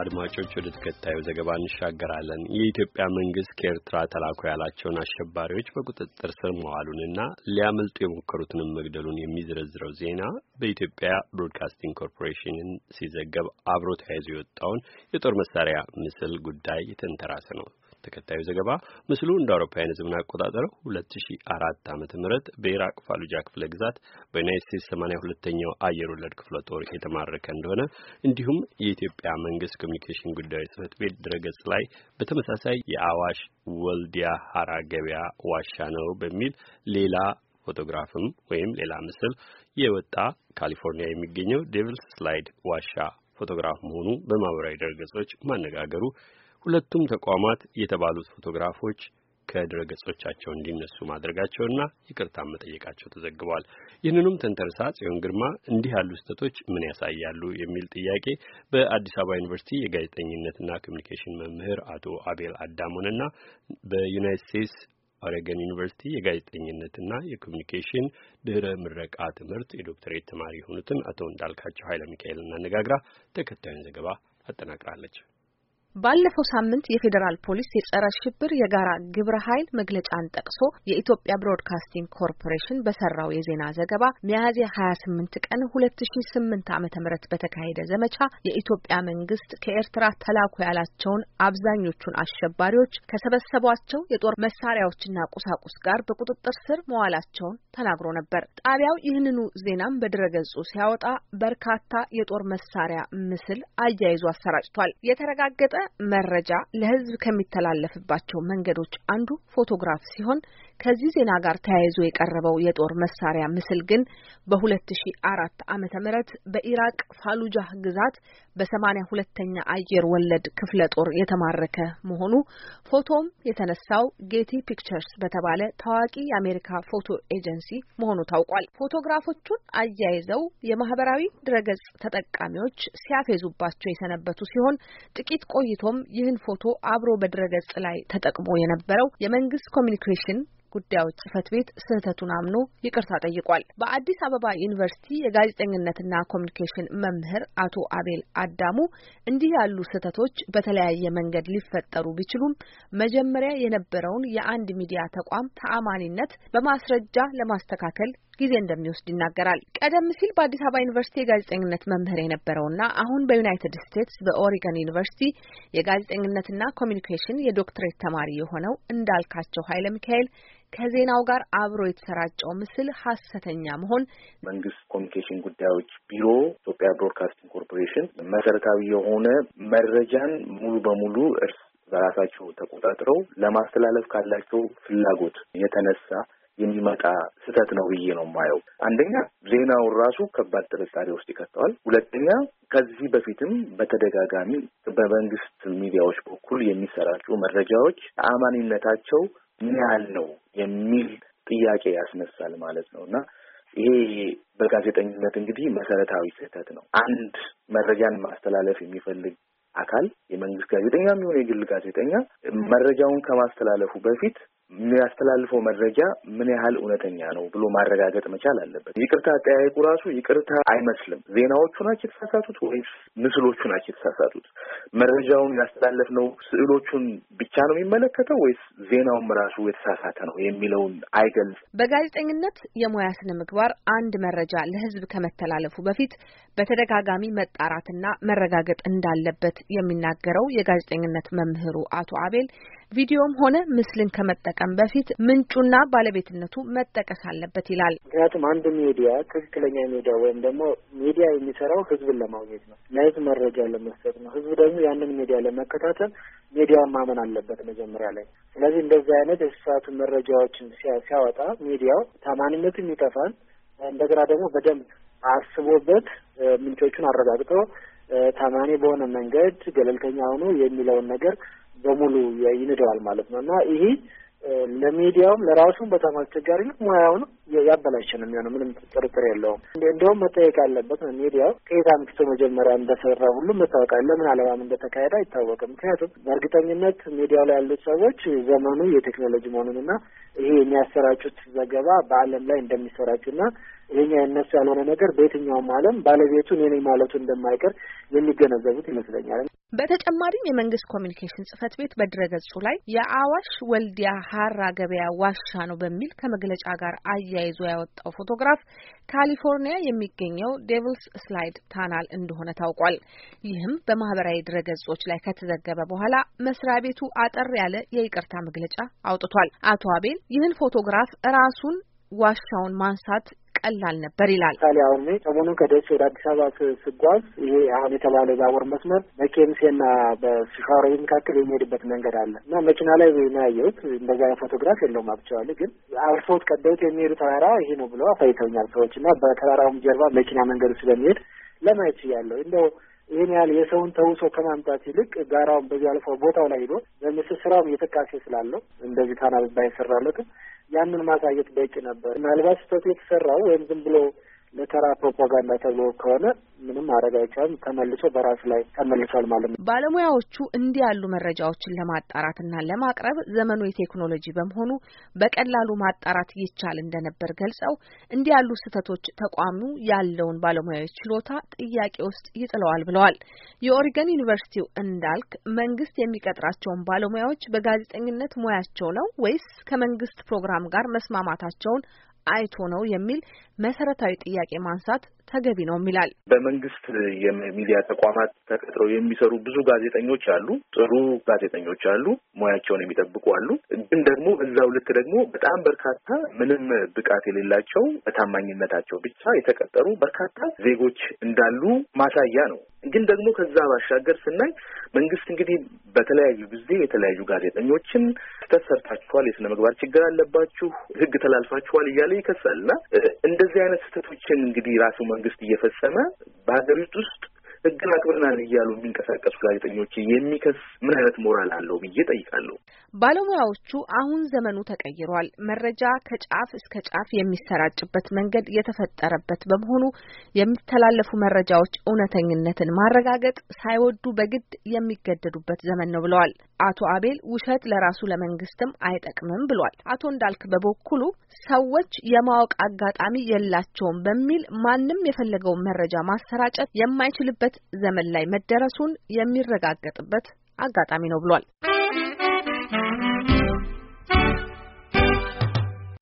አድማጮች ወደ ተከታዩ ዘገባ እንሻገራለን። የኢትዮጵያ መንግስት ከኤርትራ ተላኩ ያላቸውን አሸባሪዎች በቁጥጥር ስር መዋሉንና ሊያመልጡ የሞከሩትንም መግደሉን የሚዘረዝረው ዜና በኢትዮጵያ ብሮድካስቲንግ ኮርፖሬሽንን ሲዘገብ አብሮ ተያይዞ የወጣውን የጦር መሳሪያ ምስል ጉዳይ የተንተራሰ ነው። ተከታዩ ዘገባ ምስሉ እንደ አውሮፓውያን ዘመን አቆጣጠር 2004 ዓመተ ምህረት በኢራቅ ፋሉጃ ክፍለ ግዛት በዩናይት ስቴትስ 82ኛው አየር ወለድ ክፍለ ጦር የተማረከ እንደሆነ እንዲሁም የኢትዮጵያ መንግስት ኮሚኒኬሽን ጉዳዮች ጽህፈት ቤት ድረገጽ ላይ በተመሳሳይ የአዋሽ ወልዲያ ሀራ ገበያ ዋሻ ነው በሚል ሌላ ፎቶግራፍም ወይም ሌላ ምስል የወጣ ካሊፎርኒያ የሚገኘው ዴቪልስ ስላይድ ዋሻ ፎቶግራፍ መሆኑ በማህበራዊ ድረገጾች ማነጋገሩ ሁለቱም ተቋማት የተባሉት ፎቶግራፎች ከድረገጾቻቸው እንዲነሱ ማድረጋቸውና ይቅርታ መጠየቃቸው ተዘግቧል። ይህንኑም ተንተርሳ ጽዮን ግርማ እንዲህ ያሉ ስህተቶች ምን ያሳያሉ የሚል ጥያቄ በአዲስ አበባ ዩኒቨርሲቲ የጋዜጠኝነትና ኮሚኒኬሽን መምህር አቶ አቤል አዳሞንና በዩናይት ስቴትስ ኦሬገን ዩኒቨርሲቲ የጋዜጠኝነትና የኮሚኒኬሽን ድህረ ምረቃ ትምህርት የዶክተሬት ተማሪ የሆኑትን አቶ እንዳልካቸው ኃይለ ሚካኤልን አነጋግራ ተከታዩን ዘገባ አጠናቅራለች። ባለፈው ሳምንት የፌዴራል ፖሊስ የጸረ ሽብር የጋራ ግብረ ኃይል መግለጫን ጠቅሶ የኢትዮጵያ ብሮድካስቲንግ ኮርፖሬሽን በሰራው የዜና ዘገባ ሚያዝያ 28 ቀን 2008 ዓ.ም በተካሄደ ዘመቻ የኢትዮጵያ መንግስት ከኤርትራ ተላኩ ያላቸውን አብዛኞቹን አሸባሪዎች ከሰበሰቧቸው የጦር መሳሪያዎችና ቁሳቁስ ጋር በቁጥጥር ስር መዋላቸውን ተናግሮ ነበር። ጣቢያው ይህንኑ ዜናም በድረገጹ ሲያወጣ በርካታ የጦር መሳሪያ ምስል አያይዞ አሰራጭቷል። የተረጋገጠ መረጃ ለህዝብ ከሚተላለፍባቸው መንገዶች አንዱ ፎቶግራፍ ሲሆን ከዚህ ዜና ጋር ተያይዞ የቀረበው የጦር መሳሪያ ምስል ግን በ2004 ዓመተ ምህረት በኢራቅ ፋሉጃህ ግዛት በሰማኒያ ሁለተኛ አየር ወለድ ክፍለ ጦር የተማረከ መሆኑ ፎቶም የተነሳው ጌቲ ፒክቸርስ በተባለ ታዋቂ የአሜሪካ ፎቶ ኤጀንሲ መሆኑ ታውቋል። ፎቶግራፎቹን አያይዘው የማህበራዊ ድረገጽ ተጠቃሚዎች ሲያፌዙባቸው የሰነበቱ ሲሆን ጥቂት ቆይቶም ይህን ፎቶ አብሮ በድረገጽ ላይ ተጠቅሞ የነበረው የመንግስት ኮሚኒኬሽን ጉዳዮች ጽህፈት ቤት ስህተቱን አምኖ ይቅርታ ጠይቋል። በአዲስ አበባ ዩኒቨርሲቲ የጋዜጠኝነትና ኮሚኒኬሽን መምህር አቶ አቤል አዳሙ እንዲህ ያሉ ስህተቶች በተለያየ መንገድ ሊፈጠሩ ቢችሉም መጀመሪያ የነበረውን የአንድ ሚዲያ ተቋም ተአማኒነት በማስረጃ ለማስተካከል ጊዜ እንደሚወስድ ይናገራል። ቀደም ሲል በአዲስ አበባ ዩኒቨርሲቲ የጋዜጠኝነት መምህር የነበረውና አሁን በዩናይትድ ስቴትስ በኦሪገን ዩኒቨርሲቲ የጋዜጠኝነትና ኮሚኒኬሽን የዶክትሬት ተማሪ የሆነው እንዳልካቸው ኃይለ ሚካኤል ከዜናው ጋር አብሮ የተሰራጨው ምስል ሀሰተኛ መሆን መንግስት ኮሚኒኬሽን ጉዳዮች ቢሮ ኢትዮጵያ ብሮድካስቲንግ ኮርፖሬሽን መሰረታዊ የሆነ መረጃን ሙሉ በሙሉ እርስ በራሳቸው ተቆጣጥረው ለማስተላለፍ ካላቸው ፍላጎት የተነሳ የሚመጣ ስህተት ነው ብዬ ነው የማየው። አንደኛ ዜናውን ራሱ ከባድ ጥርጣሬ ውስጥ ይከተዋል። ሁለተኛ ከዚህ በፊትም በተደጋጋሚ በመንግስት ሚዲያዎች በኩል የሚሰራጩ መረጃዎች ተአማኒነታቸው ምን ያህል ነው የሚል ጥያቄ ያስነሳል ማለት ነው እና ይሄ በጋዜጠኝነት እንግዲህ መሰረታዊ ስህተት ነው። አንድ መረጃን ማስተላለፍ የሚፈልግ አካል የመንግስት ጋዜጠኛ የሚሆን የግል ጋዜጠኛ መረጃውን ከማስተላለፉ በፊት የሚያስተላልፈው መረጃ ምን ያህል እውነተኛ ነው ብሎ ማረጋገጥ መቻል አለበት። ይቅርታ አጠያየቁ ራሱ ይቅርታ አይመስልም። ዜናዎቹ ናቸው የተሳሳቱት ወይስ ምስሎቹ ናቸው የተሳሳቱት? መረጃውን ያስተላለፍነው ስዕሎቹን ብቻ ነው የሚመለከተው ወይስ ዜናውም ራሱ የተሳሳተ ነው የሚለውን አይገልጽ። በጋዜጠኝነት የሙያ ስነ ምግባር አንድ መረጃ ለህዝብ ከመተላለፉ በፊት በተደጋጋሚ መጣራትና መረጋገጥ እንዳለበት የሚናገረው የጋዜጠኝነት መምህሩ አቶ አቤል ቪዲዮም ሆነ ምስልን ከመጠቀም በፊት ምንጩና ባለቤትነቱ መጠቀስ አለበት ይላል። ምክንያቱም አንድ ሚዲያ ትክክለኛ ሚዲያ ወይም ደግሞ ሚዲያ የሚሰራው ህዝብን ለማግኘት ነው፣ ለህዝብ መረጃ ለመስጠት ነው። ህዝብ ደግሞ ያንን ሚዲያ ለመከታተል ሚዲያውን ማመን አለበት መጀመሪያ ላይ። ስለዚህ እንደዚህ አይነት የስሳቱ መረጃዎችን ሲያወጣ ሚዲያው ታማኒነቱም ይጠፋል። እንደገና ደግሞ በደንብ አስቦበት ምንጮቹን አረጋግጦ ታማኒ በሆነ መንገድ ገለልተኛ ሆኖ የሚለውን ነገር በሙሉ ይንደዋል ማለት ነው እና ይሄ ለሚዲያውም ለራሱም በጣም አስቸጋሪ ነው። ሙያውን ያበላሸ ነው የሚሆነው። ምንም ጥርጥር የለውም። እንደውም መጠየቅ ያለበት ነው። ሚዲያው ከየት አምክቶ መጀመሪያ እንደሰራ ሁሉ መታወቃል። ለምን አለማም እንደተካሄደ አይታወቅም። ምክንያቱም በእርግጠኝነት ሚዲያው ላይ ያሉት ሰዎች ዘመኑ የቴክኖሎጂ መሆኑንና ይሄ የሚያሰራጩት ዘገባ በዓለም ላይ እንደሚሰራጩና ይሄኛ የነሱ ያልሆነ ነገር በየትኛውም ዓለም ባለቤቱ እኔ ነኝ ማለቱ እንደማይቀር የሚገነዘቡት ይመስለኛል። በተጨማሪም የመንግስት ኮሚኒኬሽን ጽህፈት ቤት በድረገጹ ላይ የአዋሽ ወልዲያ ሀራ ገበያ ዋሻ ነው በሚል ከመግለጫ ጋር አያይዞ ያወጣው ፎቶግራፍ ካሊፎርኒያ የሚገኘው ዴቪልስ ስላይድ ታናል እንደሆነ ታውቋል። ይህም በማህበራዊ ድረገጾች ላይ ከተዘገበ በኋላ መስሪያ ቤቱ አጠር ያለ የይቅርታ መግለጫ አውጥቷል። አቶ አቤል ይህን ፎቶግራፍ ራሱን ዋሻውን ማንሳት ቀላል ነበር ይላል። ምሳሌ አሁን እኔ ሰሞኑን ከደሴ ወደ አዲስ አበባ ስጓዝ ይሄ አሁን የተባለ ባቡር መስመር በኬምሴና በሽፋሮ መካከል የሚሄድበት መንገድ አለ እና መኪና ላይ ነው ያየሁት። እንደዚ ፎቶግራፍ የለውም አብቸዋል፣ ግን አልፎት ቀደውት የሚሄዱ ተራራ ይሄ ነው ብለው አሳይተውኛል ሰዎች እና በተራራውም ጀርባ መኪና መንገዱ ስለሚሄድ ለማየት ችያለሁ እንደው ይህን ያህል የሰውን ተውሶ ከማምጣት ይልቅ ጋራውን በዚህ አልፎ ቦታው ላይ ሂዶ በምስል ስራውም እየተካሴ ስላለው እንደዚህ ታናብባ ይሰራለትም ያንን ማሳየት በቂ ነበር። ምናልባት ስህተቱ የተሰራው ወይም ዝም ብሎ ለተራ ፕሮፓጋንዳ ተብሎ ከሆነ ምንም ማድረግ አይቻልም። ተመልሶ በራሱ ላይ ተመልሷል ማለት ነው። ባለሙያዎቹ እንዲህ ያሉ መረጃዎችን ለማጣራትና ለማቅረብ ዘመኑ የቴክኖሎጂ በመሆኑ በቀላሉ ማጣራት ይቻል እንደነበር ገልጸው እንዲህ ያሉ ስህተቶች ተቋሙ ያለውን ባለሙያዎች ችሎታ ጥያቄ ውስጥ ይጥለዋል ብለዋል። የኦሪገን ዩኒቨርሲቲው እንዳልክ መንግስት የሚቀጥራቸውን ባለሙያዎች በጋዜጠኝነት ሙያቸው ነው ወይስ ከመንግስት ፕሮግራም ጋር መስማማታቸውን አይቶ ነው የሚል መሰረታዊ ጥያቄ ማንሳት ተገቢ ነው የሚላል በመንግስት የሚዲያ ተቋማት ተቀጥረው የሚሰሩ ብዙ ጋዜጠኞች አሉ። ጥሩ ጋዜጠኞች አሉ፣ ሙያቸውን የሚጠብቁ አሉ። ግን ደግሞ እዛው ልክ ደግሞ በጣም በርካታ ምንም ብቃት የሌላቸው በታማኝነታቸው ብቻ የተቀጠሩ በርካታ ዜጎች እንዳሉ ማሳያ ነው። ግን ደግሞ ከዛ ባሻገር ስናይ መንግስት እንግዲህ በተለያዩ ጊዜ የተለያዩ ጋዜጠኞችን ተሰርታችኋል ሰርታችኋል፣ የስነ ምግባር ችግር አለባችሁ፣ ህግ ተላልፋችኋል እያለ ይከሳል እና ይህችን እንግዲህ ራሱ መንግስት እየፈጸመ በሀገሪቱ ውስጥ ህግን አክብርናል እያሉ የሚንቀሳቀሱ ጋዜጠኞች የሚከስ ምን አይነት ሞራል አለው ብዬ ጠይቃለሁ። ባለሙያዎቹ አሁን ዘመኑ ተቀይሯል፣ መረጃ ከጫፍ እስከ ጫፍ የሚሰራጭበት መንገድ የተፈጠረበት በመሆኑ የሚተላለፉ መረጃዎች እውነተኝነትን ማረጋገጥ ሳይወዱ በግድ የሚገደዱበት ዘመን ነው ብለዋል አቶ አቤል። ውሸት ለራሱ ለመንግስትም አይጠቅምም ብሏል። አቶ እንዳልክ በበኩሉ ሰዎች የማወቅ አጋጣሚ የላቸውም በሚል ማንም የፈለገውን መረጃ ማሰራጨት የማይችልበት ዘመን ላይ መደረሱን የሚረጋገጥበት አጋጣሚ ነው ብሏል።